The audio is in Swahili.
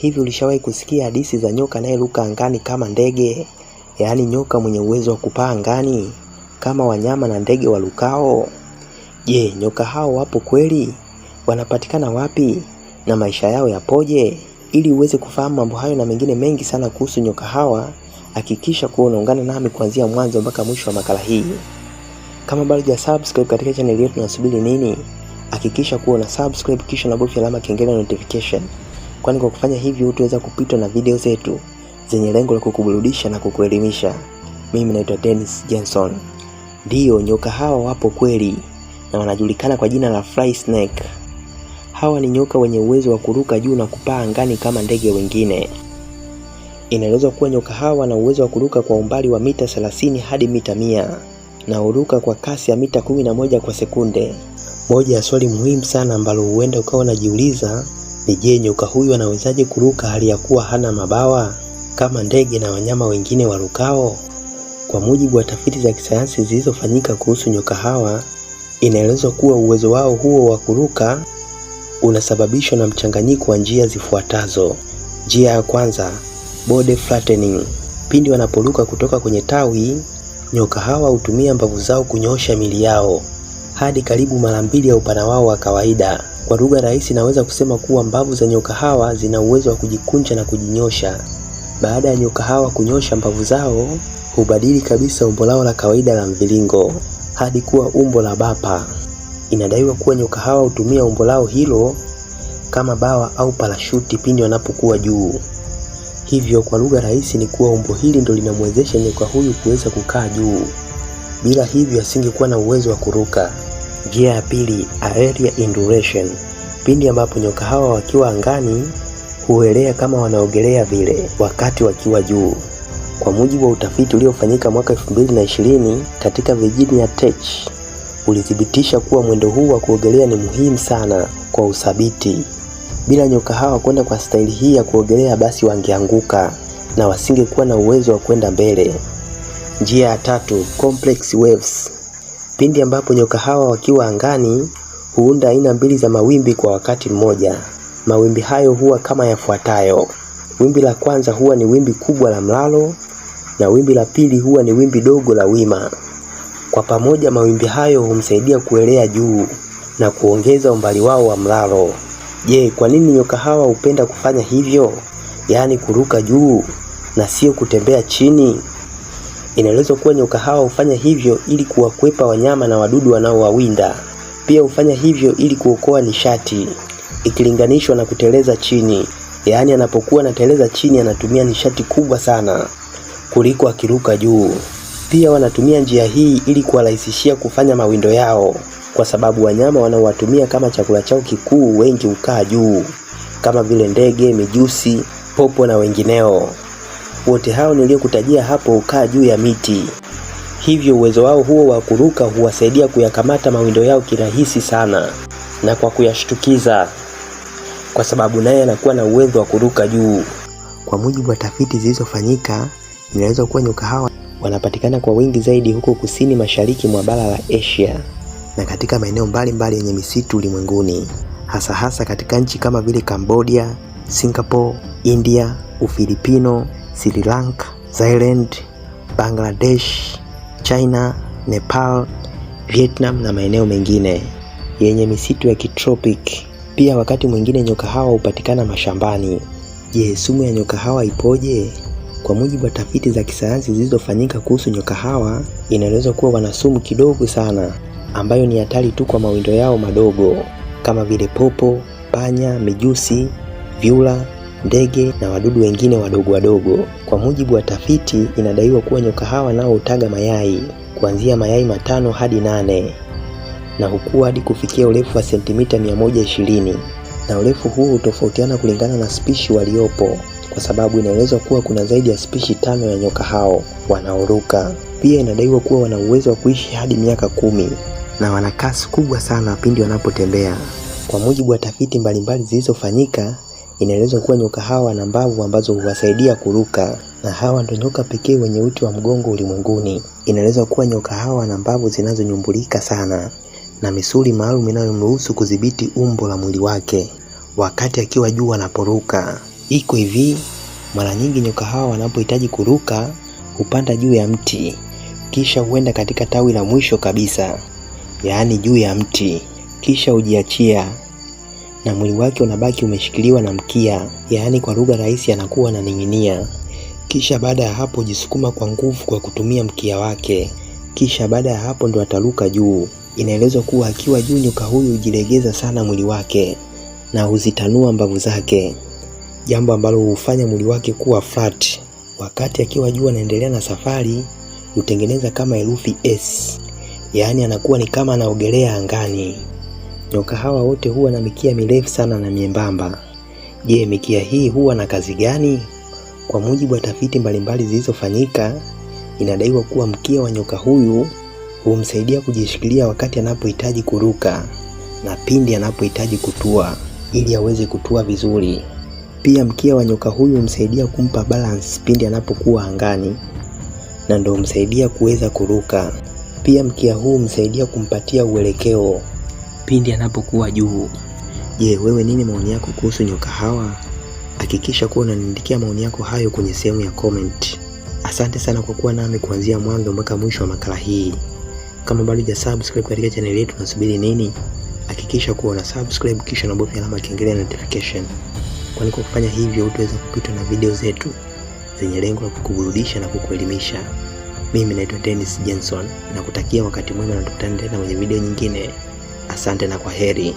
Hivi ulishawahi kusikia hadithi za nyoka anayeruka angani kama ndege? Yaani nyoka mwenye uwezo wa kupaa angani kama wanyama na ndege walukao? Je, nyoka hao wapo kweli? Wanapatikana wapi na maisha yao yapoje? Ili uweze kufahamu mambo hayo na mengine mengi sana kuhusu nyoka hawa, hakikisha kuwa unaungana nami kuanzia mwanzo mpaka mwisho wa makala hii. Kama bado subscribe katika channel yetu, nasubiri nini? Hakikisha kuwa una subscribe kisha na alama kengele notification kwani kwa kufanya hivyo utaweza kupitwa na video zetu zenye lengo la kukuburudisha na kukuelimisha. Mimi naitwa Dennis Jenson. Ndiyo, nyoka hawa wapo kweli na wanajulikana kwa jina la fly snake. Hawa ni nyoka wenye uwezo wa kuruka juu na kupaa angani kama ndege wengine. Inaelezwa kuwa nyoka hawa wana uwezo wa kuruka kwa umbali wa mita 30 hadi mita mia na huruka kwa kasi ya mita 11 kwa sekunde. Moja ya swali muhimu sana ambalo huenda ukawa unajiuliza ni je, nyoka huyu anawezaje kuruka hali ya kuwa hana mabawa kama ndege na wanyama wengine warukao? Kwa mujibu wa tafiti za kisayansi zilizofanyika kuhusu nyoka hawa, inaelezwa kuwa uwezo wao huo wa kuruka unasababishwa na mchanganyiko wa njia zifuatazo. Njia ya kwanza, body flattening. Pindi wanaporuka kutoka kwenye tawi, nyoka hawa hutumia mbavu zao kunyosha mili yao hadi karibu mara mbili ya upana wao wa kawaida. Kwa lugha rahisi, naweza kusema kuwa mbavu za nyoka hawa zina uwezo wa kujikunja na kujinyosha. Baada ya nyoka hawa kunyosha mbavu zao, hubadili kabisa umbo lao la kawaida la mviringo hadi kuwa umbo la bapa. Inadaiwa kuwa nyoka hawa hutumia umbo lao hilo kama bawa au parashuti pindi wanapokuwa juu. Hivyo kwa lugha rahisi ni kuwa umbo hili ndo linamwezesha nyoka huyu kuweza kukaa juu, bila hivyo asingekuwa na uwezo wa kuruka. Njia ya pili, aerial induration, pindi ambapo nyoka hawa wakiwa angani huelea kama wanaogelea vile wakati wakiwa juu. Kwa mujibu wa utafiti uliofanyika mwaka 2020 katika Virginia Tech ulithibitisha kuwa mwendo huu wa kuogelea ni muhimu sana kwa uthabiti. Bila nyoka hawa kwenda kwa staili hii ya kuogelea, basi wangeanguka na wasingekuwa na uwezo wa kwenda mbele. Njia ya tatu, complex waves pindi ambapo nyoka hawa wakiwa angani huunda aina mbili za mawimbi kwa wakati mmoja. Mawimbi hayo huwa kama yafuatayo: wimbi la kwanza huwa ni wimbi kubwa la mlalo na wimbi la pili huwa ni wimbi dogo la wima. Kwa pamoja, mawimbi hayo humsaidia kuelea juu na kuongeza umbali wao wa mlalo. Je, kwa nini nyoka hawa hupenda kufanya hivyo, yaani kuruka juu na sio kutembea chini? Inaelezwa kuwa nyoka hawa hufanya hivyo ili kuwakwepa wanyama na wadudu wanaowawinda. Pia hufanya hivyo ili kuokoa nishati ikilinganishwa na kuteleza chini, yaani anapokuwa anateleza chini anatumia nishati kubwa sana kuliko akiruka juu. Pia wanatumia njia hii ili kuwarahisishia kufanya mawindo yao, kwa sababu wanyama wanaowatumia kama chakula chao kikuu wengi hukaa juu kama vile ndege, mijusi, popo na wengineo. Wote hao niliyokutajia hapo hukaa juu ya miti, hivyo uwezo wao huo wa kuruka huwasaidia kuyakamata mawindo yao kirahisi sana na kwa kuyashtukiza, kwa sababu naye anakuwa na uwezo wa kuruka juu. Kwa mujibu wa tafiti zilizofanyika, inaweza kuwa nyoka hawa wanapatikana kwa wingi zaidi huko kusini mashariki mwa bara la Asia na katika maeneo mbalimbali yenye misitu ulimwenguni, hasa hasa katika nchi kama vile Cambodia, Singapore, India, Ufilipino, Sri Lanka, Thailand, Bangladesh, China, Nepal, Vietnam na maeneo mengine yenye misitu ya kitropic Pia wakati mwingine nyoka hawa hupatikana mashambani. Je, sumu ya nyoka hawa ipoje? Kwa mujibu wa tafiti za kisayansi zilizofanyika kuhusu nyoka hawa, inaelezwa kuwa wana sumu kidogo sana ambayo ni hatari tu kwa mawindo yao madogo kama vile popo, panya, mijusi, vyura ndege na wadudu wengine wadogo wadogo. Kwa mujibu wa tafiti, inadaiwa kuwa nyoka hawa nao hutaga mayai kuanzia mayai matano hadi nane na hukua hadi kufikia urefu wa sentimita 120 na urefu huu hutofautiana kulingana na spishi waliopo, kwa sababu inaelezwa kuwa kuna zaidi ya spishi tano ya nyoka hao wanaoruka. Pia inadaiwa kuwa wana uwezo wa kuishi hadi miaka kumi na wana kasi kubwa sana pindi wanapotembea. Kwa mujibu wa tafiti mbalimbali zilizofanyika Inaelezwa kuwa nyoka hawa wana mbavu ambazo huwasaidia kuruka na hawa ndio nyoka pekee wenye uti wa mgongo ulimwenguni. Inaelezwa kuwa nyoka hawa wana mbavu zinazonyumbulika sana na misuli maalum inayomruhusu kudhibiti umbo la mwili wake wakati akiwa juu anaporuka. Iko hivi, mara nyingi nyoka hawa wanapohitaji kuruka hupanda juu ya mti kisha huenda katika tawi la mwisho kabisa, yaani juu ya mti, kisha hujiachia na mwili wake unabaki umeshikiliwa na mkia, yaani kwa lugha rahisi anakuwa ananing'inia. Kisha baada ya hapo jisukuma kwa nguvu kwa kutumia mkia wake, kisha baada ya hapo ndo ataruka juu. Inaelezwa kuwa akiwa juu nyoka huyu hujilegeza sana mwili wake na huzitanua mbavu zake, jambo ambalo hufanya mwili wake kuwa flat. Wakati akiwa juu anaendelea na safari, hutengeneza kama herufi S, yaani anakuwa ni kama anaogelea angani. Nyoka hawa wote huwa na mikia mirefu sana na miembamba. Je, mikia hii huwa na kazi gani? Kwa mujibu wa tafiti mbalimbali zilizofanyika, inadaiwa kuwa mkia wa nyoka huyu humsaidia kujishikilia wakati anapohitaji kuruka na pindi anapohitaji kutua ili aweze kutua vizuri. Pia mkia wa nyoka huyu humsaidia kumpa balance pindi anapokuwa angani na ndio humsaidia kuweza kuruka. Pia mkia huu humsaidia kumpatia uelekeo pindi anapokuwa juu. Je, wewe nini maoni yako kuhusu nyoka hawa? Hakikisha kuwa unaniandikia maoni yako hayo kwenye sehemu ya comment. Asante sana kwa kuwa nami kuanzia mwanzo mpaka mwisho wa makala hii. Kama bado hujasubscribe katika chaneli yetu, nasubiri nini? Hakikisha kuwa una subscribe kisha unabofya alama ya notification, kwani kwa kufanya hivyo utaweza kupitwa na video zetu zenye lengo la kukuburudisha na kukuelimisha. Mimi naitwa Dennis Jenson na kutakia wakati mwema, na tukutane tena kwenye video nyingine. Asante na kwa heri.